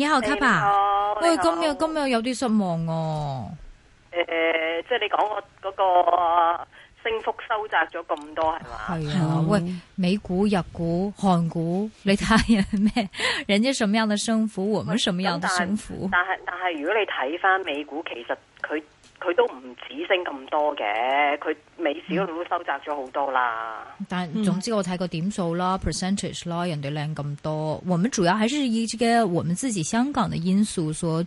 以後級啊！喂，今日今日有啲失望哦、啊。誒、呃，即係你講我嗰個升幅收窄咗咁多係嘛？係啊，喂，美股、日股、韓股，你睇下咩？ 人家什麼樣的升幅，我們什麼樣的辛苦。但係但係，但如果你睇翻美股，其實。佢都唔止升咁多嘅，佢美市嗰度都收窄咗好多啦、嗯。但係總之我睇過點數啦，percentage 啦，人哋靚咁多。我們主要還是以這個我們自己香港的因素所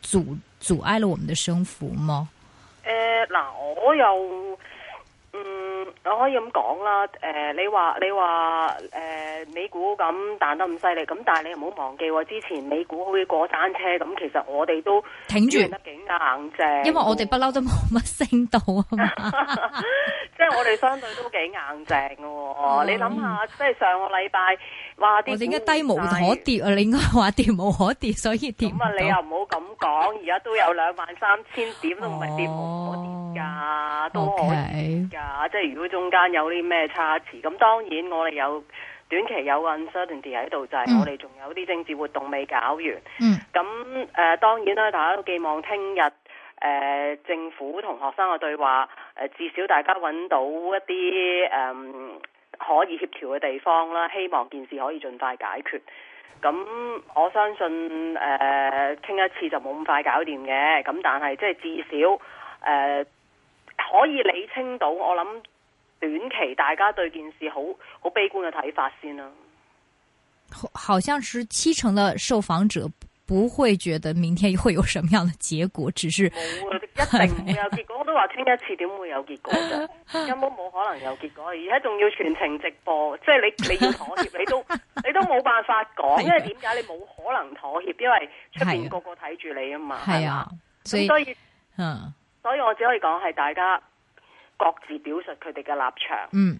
阻阻礙了我們的升幅嗎？誒、呃，嗱、呃，我又。嗯，我可以咁講啦。誒、呃，你話你話，誒、呃，美股咁彈得咁犀利，咁但係你又唔好忘記，之前美股好似過山車咁，其實我哋都挺住得幾硬淨，因為我哋不嬲都冇乜升到啊。 即係我哋相對都幾硬淨喎、哦，oh. 你諗下，即係上個禮拜話跌，我哋應該低無可跌啊！你應該話跌無可跌，所以跌咁啊！你又唔好咁講，而家都有兩萬三千點都唔係跌無可跌噶，都、oh. okay. 可以噶。即係如果中間有啲咩差池，咁當然我哋有短期有個 uncertainty 喺度，就係、是、我哋仲有啲政治活動未搞完。嗯、mm.，咁、呃、誒，當然啦，大家都寄望聽日。誒、呃、政府同學生嘅對話，誒、呃、至少大家揾到一啲誒、嗯、可以協調嘅地方啦，希望件事可以盡快解決。咁、嗯、我相信誒傾、呃、一次就冇咁快搞掂嘅，咁、嗯、但係即係至少誒、呃、可以理清到，我諗短期大家對件事好好悲觀嘅睇法先啦。好，好似係七成嘅受訪者。不會覺得明天會有什麼樣的結果，只是冇啊，一定冇有結果。 我都話清一次點會有結果嘅，根本冇可能有結果，而家仲要全程直播， 即係你你要妥協，你都你都冇辦法講， 因為點解 你冇可能妥協？因為出邊個個睇住你啊嘛，係 啊是吧， 所以 所以我只可以講係大家各自表述佢哋嘅立場。嗯，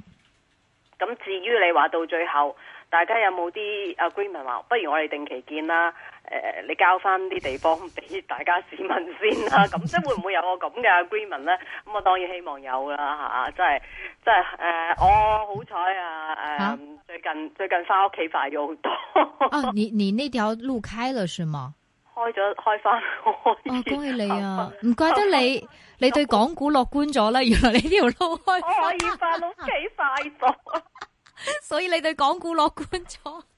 咁至於你話到最後，大家有冇啲 agreement 話，不如我哋定期見啦。誒、呃，你交翻啲地方俾大家市民先啦、啊，咁即係會唔會有個咁嘅 agreement 咧？咁、嗯、啊，我當然希望有啦吓，即係即係誒，我好彩啊！誒、呃哦啊呃啊，最近最近翻屋企快咗好多 啊。啊你你呢條路開了是嗎？開咗，開翻。哦、啊，恭喜你啊！唔 怪得你，你對港股樂觀咗啦。 原來你呢條路開，可以翻屋企快咗，所以你對港股樂觀咗。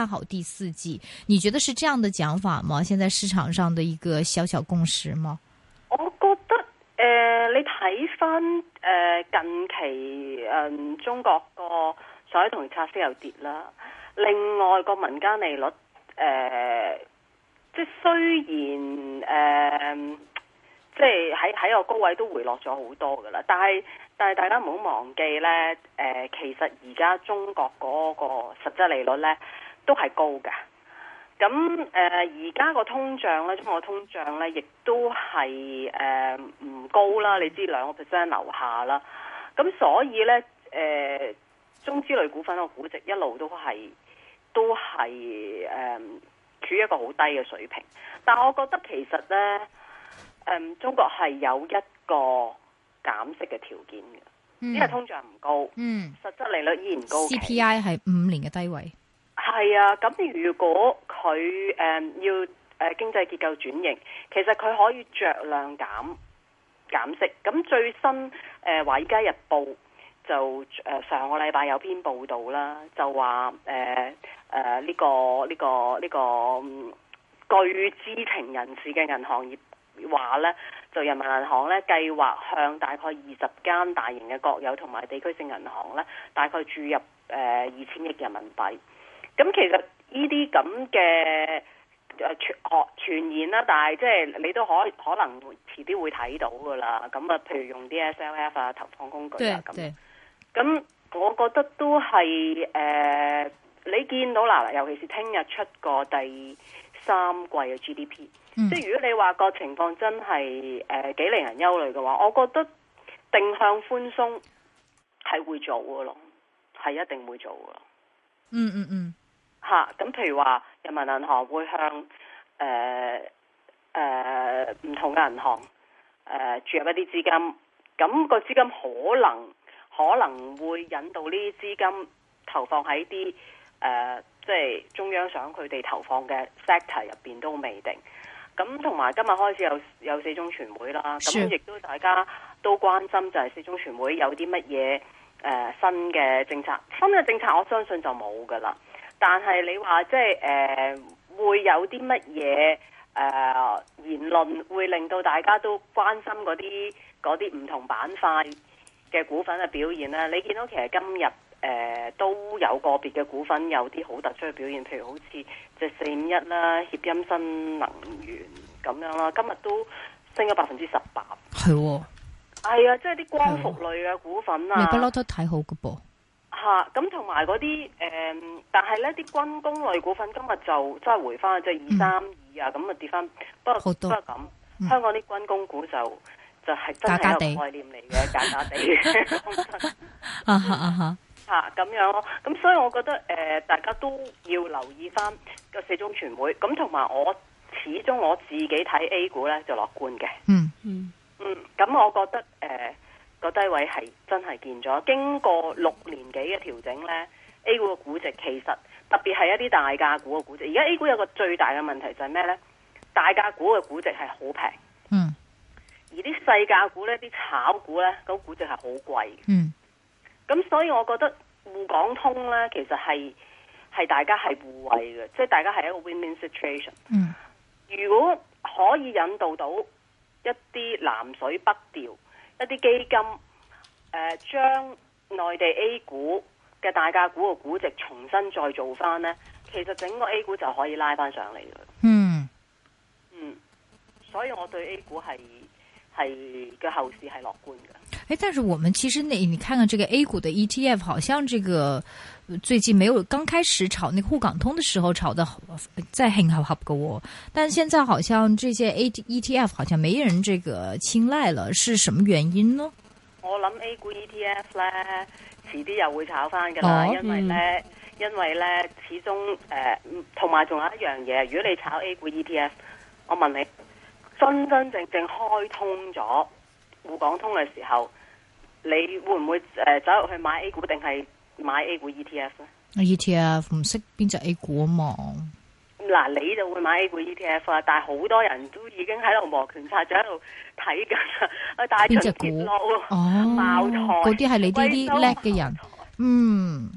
看好第四季，你覺得是這樣的講法嗎？現在市場上的一個小小共識嗎？我覺得誒、呃，你睇翻誒近期誒、嗯，中國個彩同拆息又跌啦。另外個民間利率誒、呃，即雖然誒、呃，即係喺喺個高位都回落咗好多噶啦，但係但係大家唔好忘記咧，誒、呃，其實而家中國嗰個實質利率咧。都係高嘅，咁誒而家個通脹咧，中國通脹咧亦都係誒唔高啦，你知兩個 percent 樓下啦，咁所以咧誒、呃、中資類股份個估值一路都係都係誒處於一個好低嘅水平，但我覺得其實咧，誒、呃、中國係有一個減息嘅條件嘅、嗯，因為通脹唔高，嗯，實質利率依然高，CPI 係五年嘅低位。係啊，咁如果佢誒、嗯、要誒、啊、經濟結構轉型，其實佢可以着量減減息。咁最新誒《華爾街日報》就誒、呃、上個禮拜有一篇報道啦，就話誒誒呢個呢、呢個呢、呢個據知情人士嘅銀行業話呢就人民銀行咧計劃向大概二十間大型嘅國有同埋地區性銀行呢大概注入誒二千億人民幣。咁其實呢啲咁嘅誒傳學傳言啦，但係即係你都可可能遲啲會睇到噶啦。咁啊，譬如用啲 SLF 啊、投放工具啊咁。咁我覺得都係誒、呃，你見到嗱嗱，尤其是聽日出個第三季嘅 GDP、嗯。即係如果你話個情況真係誒、呃、幾令人憂慮嘅話，我覺得定向寬鬆係會做嘅咯，係一定會做嘅咯。嗯嗯嗯。嗯。吓、啊，咁，譬如話，人民銀行會向誒誒唔同嘅銀行誒、呃、注入一啲資金，咁個資金可能可能會引導呢啲資金投放喺啲誒，即、呃、係、就是、中央想佢哋投放嘅 sector 入邊都未定。咁同埋今日開始有有四中全會啦，咁亦都大家都關心就係四中全會有啲乜嘢誒新嘅政策？新嘅政策我相信就冇噶啦。但係你話即係誒、呃、會有啲乜嘢誒言論會令到大家都關心嗰啲啲唔同板塊嘅股份嘅表現啦？你見到其實今日誒、呃、都有個別嘅股份有啲好突出嘅表現，譬如好似即係四五一啦、協鑫新能源咁樣啦，今日都升咗百分之十八。係，係啊，即係啲光伏類嘅股份啊，你不嬲都睇好嘅噃。吓、嗯，咁同埋嗰啲，誒、嗯，但係咧啲軍工類股份今日就真係回翻，即係二三二啊，咁啊跌翻，不過都係咁。香港啲軍工股就就係真係一個概念嚟嘅，假假地。假假哋嗯、 啊吓咁樣咯，咁、啊嗯嗯嗯嗯嗯、所以我覺得誒、呃，大家都要留意翻個四中全會，咁同埋我始終我自己睇 A 股咧就樂觀嘅。嗯嗯嗯，咁、嗯、我覺得誒。呃個低位係真係見咗，經過六年幾嘅調整呢，A 股嘅估值，其實特別係一啲大價股嘅估值。而家 A 股有一個最大嘅問題就係咩呢？大價股嘅估值係好平，嗯。而啲細價股呢、啲炒股呢，咁、嗰個、估值係好貴，嗯。咁所以我覺得滬港通呢，其實係係大家係互惠嘅，即、就、係、是、大家係一個 winning situation，、嗯、如果可以引導到一啲南水北調。一啲基金，將、呃、將內地 A 股嘅大價股嘅估值重新再做翻呢，其實整個 A 股就可以拉翻上嚟嘅、嗯。嗯，所以我對 A 股係係嘅後市係樂觀嘅。誒，但是我們其實你你看看這個 A 股的 ETF，好像這個最近沒有剛開始炒那個滬港通的時候炒得再很好好嘅喎，但現在好像這些 ETF 好像沒人這個青睞了，是什麼原因呢？我諗 A 股 ETF 呢，遲啲又會炒返㗎喇，因為呢，因為呢，始終誒，同埋仲有一樣嘢，如果你炒 A 股 ETF，我問你，真真正正開通咗滬港通嘅時候。你會唔會誒走入去買 A 股定係買 A 股 ETF 咧？ETF 唔識邊隻 A 股啊嘛？嗱，你就會買 A 股 ETF 啊？但係好多人都已經喺度磨拳擦掌喺度睇緊啊！邊隻股？哦，oh，茅台。嗰啲係你啲叻嘅人。嗯。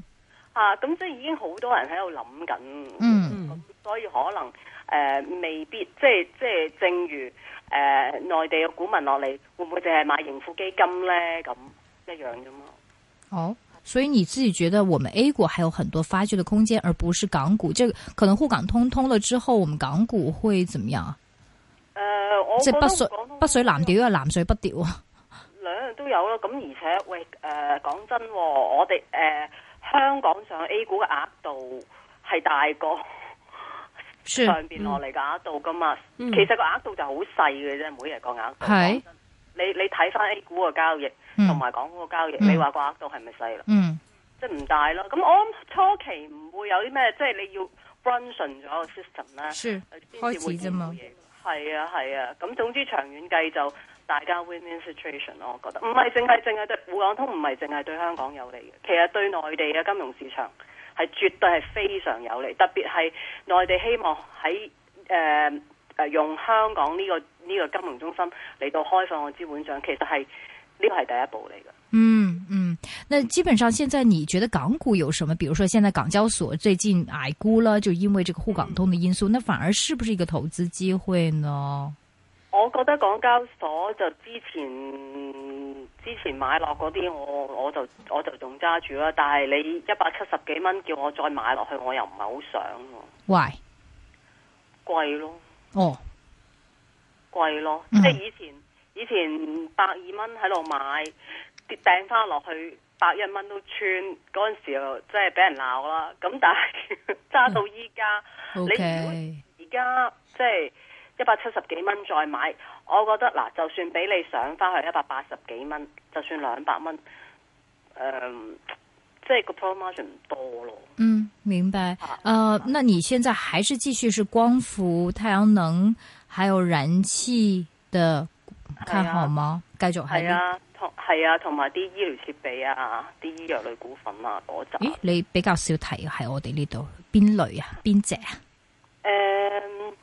啊，咁即係已經好多人喺度諗緊。嗯。咁所以可能誒、呃、未必，即係即係正如。誒、呃，內地嘅股民落嚟，會唔會淨係買盈富基金咧？咁一樣啫嘛。好、哦，所以你自己覺得我們 A 股還有很多發掘的空間，而不是港股。即可能滬港通通了之後，我們港股會怎麼樣、呃、北水北水北水南調啊？誒，我好，北水北水南調啊，南水北調啊。兩樣都有咯。咁而且喂誒、呃，講真、哦，我哋誒、呃、香港上 A 股嘅額度係大過。嗯、上邊落嚟嘅額度噶嘛、嗯，其實個額度就好細嘅啫，每日個額度，的你你睇翻 A 股嘅交易同埋港股嘅交易，嗯交易嗯、你話個額度係咪細啦？嗯，即係唔大咯。咁我諗初期唔會有啲咩，即係你要 run 順咗個 system 咧，開始啫嘢。係啊係啊，咁、啊啊、總之長遠計就大家 win-win situation 咯。我覺得唔係淨係淨係對滬港通，唔係淨係對香港有利嘅，其實對內地嘅金融市場。係絕對係非常有利，特別係內地希望喺誒誒用香港呢、這個呢、這個金融中心嚟到開放我資本賬，其實係呢、這個係第一步嚟嘅。嗯嗯，那基本上現在你覺得港股有什麼？比如說，現在港交所最近挨沽啦，就因為這個滬港通的因素，那反而是不是一個投資機會呢？我覺得港交所就之前。之前買落嗰啲，我就我就我就仲揸住啦。但係你一百七十幾蚊叫我再買落去，我又唔係好想、啊。Why? 貴咯？哦、oh.，貴咯。嗯、即係以前以前百二蚊喺度買跌掟翻落去百一蚊都穿，嗰陣時又、 okay. 即係俾人鬧啦。咁但係揸到依家，你而家即係。一百七十幾蚊再買，我覺得嗱，就算俾你上返去一百八十幾蚊，就算兩百蚊，誒、嗯，即係個 promotion 多咯。嗯，明白。啊、呃，那你現在還是繼續是光伏、太陽能，還有燃氣的看好嗎？是啊、繼續係啊，同係啊，同埋啲醫療設備啊，啲醫藥類股份啊嗰隻。咦，你比較少提喺我哋呢度邊哪類啊？邊隻啊？誒、嗯。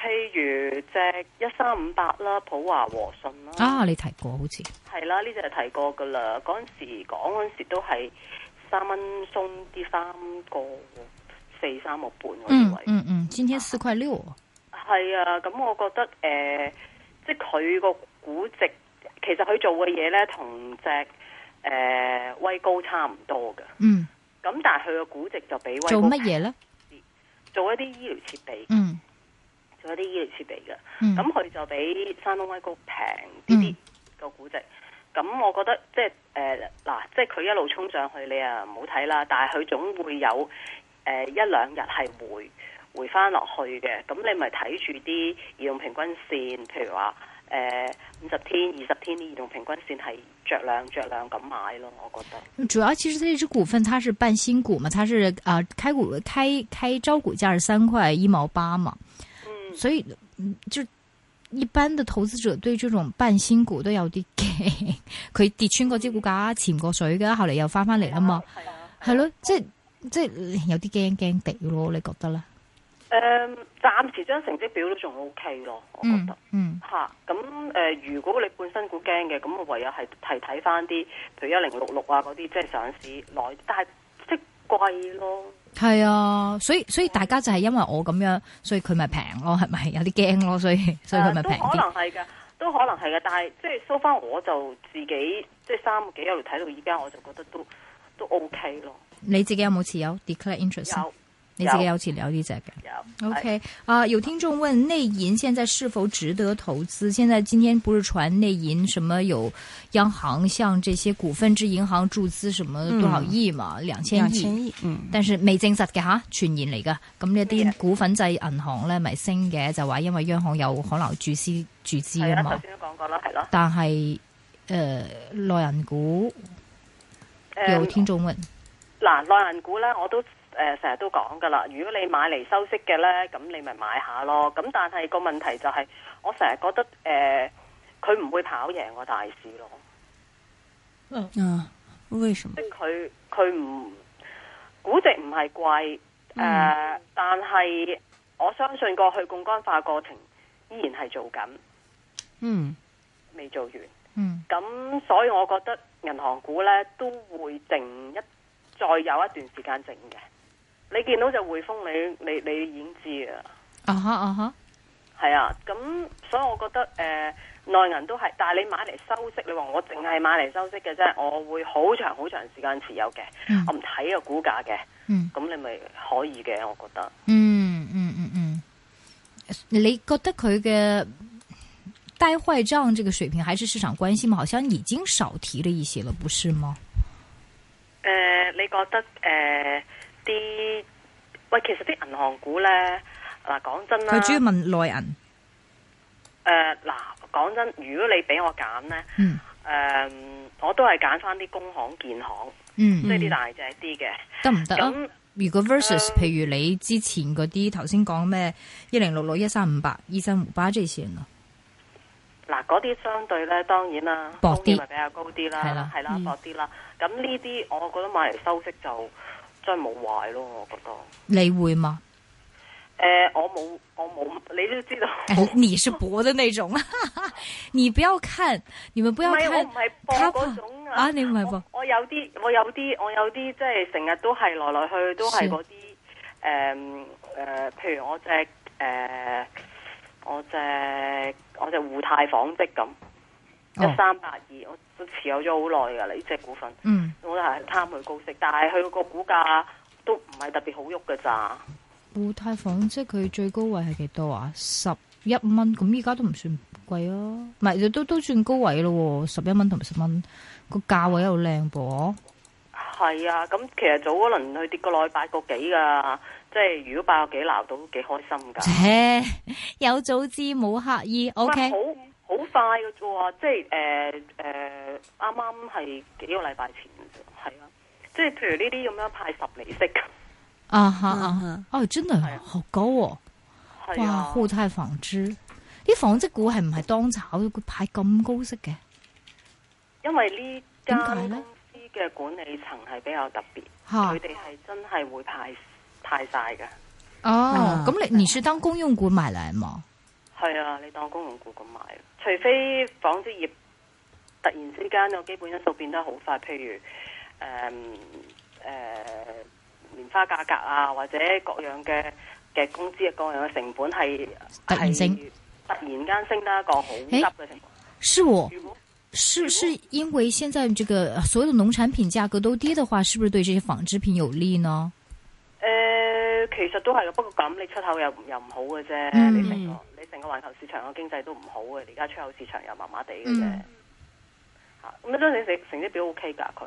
譬如隻一三五八啦，普華和信啦。啊，你看過提過好似係啦，呢隻係提過噶啦。嗰陣時講嗰陣時都係三蚊鬆啲三個四三個半嗰啲位。嗯嗯，嗯今天四塊六。係啊，咁我覺得誒、呃，即係佢個估值，其實佢做嘅嘢咧，同隻誒威高差唔多嘅。嗯。咁但係佢個估值就比威高。做乜嘢咧？做一啲醫療設備。嗯。做一啲醫療設備嘅，咁、嗯、佢就比山東威高平啲嘅估值。咁、嗯、我覺得即係誒嗱，即係佢一路沖上去，你啊唔好睇啦。但係佢總會有誒一兩日係回回翻落去嘅。咁你咪睇住啲移動平均線，譬如話誒五十天、二十天啲移動平均線係着量着量咁買咯。我覺得主要其實呢隻股份，它是半新股嘛，它是啊、呃、開股開開招股價是三塊一毛八嘛。所以就一般嘅投資者對呢種半新股都有啲驚，佢跌穿過支股價，潛過水嘅，後嚟又翻翻嚟啊嘛，係咯、啊，即係即係有啲驚驚地咯，你覺得咧？誒、呃，暫時張成績表都仲 O K 咯，我覺得，嗯、吓、嗯、咁、啊、誒、呃，如果你半新股驚嘅，咁我唯有係係睇翻啲，譬如一零六六啊嗰啲，即係上市耐，但係即貴咯。係啊，所以所以大家就係因為我咁樣，所以佢咪平咯，係咪有啲驚咯，所以所以佢咪平啲。可能係嘅，都可能係嘅，但係即係收翻我就自己即係三個幾一路睇到依家，我就覺得都都 OK 咯。你自己有冇持有 declare interest？你自己要先了呢仔嘅，OK 啊、uh,？有聽眾問內銀現在是否值得投資？現在今天不是傳內銀什麼有央行向這些股份制銀行注資什麼多少億嘛？兩、嗯、千億,兩千億、嗯，但是未證實嘅吓，傳言嚟嘅。咁呢啲股份制銀行咧咪升嘅，就話因為央行有可能注資、啊、注資啊嘛。頭先都講過啦，係咯、啊。但係誒、呃，內銀股有、嗯、聽眾問嗱、嗯呃，內銀股咧我都。誒、呃，成日都講噶啦，如果你買嚟收息嘅呢，咁你咪買下咯。咁但係個問題就係、是，我成日覺得誒，佢、呃、唔會跑贏個大市咯。嗯、啊、為什麼？即係佢佢唔估值唔係貴，但係我相信過去槓桿化過程依然係做緊。嗯，未做完。嗯。咁所以我覺得銀行股呢都會整一再有一段時間整嘅。你見到就匯豐你，你你你已經知 uh-huh, uh-huh. 啊。啊哈啊吓，係啊。咁所以我覺得，誒、呃、內銀都係，但係你買嚟收息，你話我淨係買嚟收息嘅啫，我會好長好長時間持有嘅。我唔睇個股價嘅。嗯，咁、嗯、你咪可以嘅，我覺得。嗯嗯嗯嗯，你覺得佢嘅帶壞帳這個水平，還是市場關心嘛？好像已經少提了一些了，不是嗎？誒、呃，你覺得誒？呃啲喂，其實啲銀行股咧，嗱講真啦，佢主要問內銀。誒、呃，嗱講真，如果你俾我揀咧，誒、嗯呃，我都係揀翻啲工行、建行，呢、嗯、啲、嗯、大隻啲嘅，得唔得啊？咁如果 versus，、呃、譬如你之前嗰啲頭先講咩一零六六、一三五八、醫生胡巴這些啊？嗱，嗰啲相對咧，當然啦，薄啲咪比較高啲啦，係啦、嗯，薄啲啦。咁呢啲，我覺得買嚟收息就。真係冇壞咯，我覺得你會嗎？誒、呃，我冇，我冇，你都知道。欸、你是博的那種， 你不要看，你們不要看，不是我唔係博嗰種啊，啊你唔係博。我有啲，我有啲，我有啲，即係成日都係來來去去都係嗰啲誒誒，譬如我隻誒、呃，我隻我隻魯泰紡織咁。一三八二，我都持有咗好耐噶啦，呢隻股份，嗯，我都係貪佢高息，但係佢個股價都唔係特別好喐噶咋？互太紡織佢最高位係幾多啊？十一蚊，咁而家都唔算貴啊？唔係都都算高位咯，十一蚊同埋十蚊，個價位又靚噃。係啊，咁其實早嗰輪佢跌個內八個幾噶，即係如果八個幾撈到，幾開心噶。 有早知冇刻意，O K。Okay. 好快嘅啫即係誒誒，啱啱係幾個禮拜前嘅啫，係啊，即係譬如呢啲咁樣派十厘息，啊吓啊吓，哦真係好高，啊。哇！互太紡織，啲紡織股係唔係當炒，佢派咁高息嘅？因為呢間公司嘅管理層係比較特別，佢哋係真係會派派曬嘅。哦、oh, 嗯，咁你你是當公用股買嚟係嘛？係啊，你當公用股咁買。除非紡織業突然之間個基本因素變得好快，譬如誒誒、呃呃、棉花價格啊，或者各樣嘅嘅工資啊，各樣嘅成本係突然升，突然間升得一個好急嘅情況。是我是，是因為現在這個所有農產品價格都跌的話，是不是對這些紡織品有利呢？誒、欸。其實都係嘅，不過咁你出口又又唔好嘅啫，嗯，你成個你成個環球市場個經濟都唔好嘅，而家出口市場又麻麻地嘅啫，咁，嗯啊，你都成成成績表 O K 噶佢。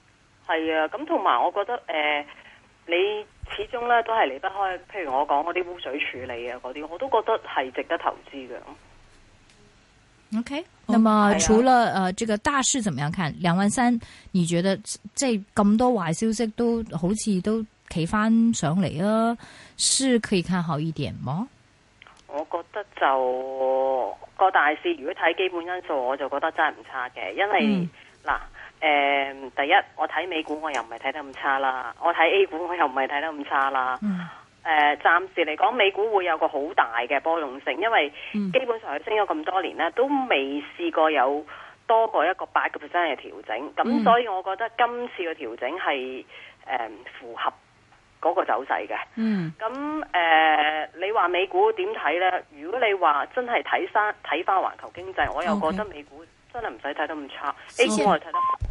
係啊，咁同埋我覺得誒、呃，你始終咧都係離不開，譬如我講嗰啲污水處理啊嗰啲，我都覺得係值得投資嘅。OK、哦、那麼除了誒、啊呃，這個大市怎麼樣看？兩萬三，你覺得即係咁多壞消息都好似都企翻上嚟啊？是可以看好一點嗎？我覺得就個大市，如果睇基本因素，我就覺得真係唔差嘅，因為嗱。嗯誒、uh，第一我睇美股我又唔係睇得咁差啦，我睇 A 股我又唔係睇得咁差啦。誒、mm. uh，暫時嚟講美股會有個好大嘅波動性，因為基本上佢升咗咁多年咧，都未試過有多過一個八個 percent 嘅調整。咁所以我覺得今次嘅調整係誒、mm. 嗯、符合嗰個走勢嘅。嗯、mm.。咁誒，你話美股點睇咧？如果你話真係睇翻睇翻環球經濟，我又覺得美股真係唔使睇得咁差。Okay. So- A 股我睇得。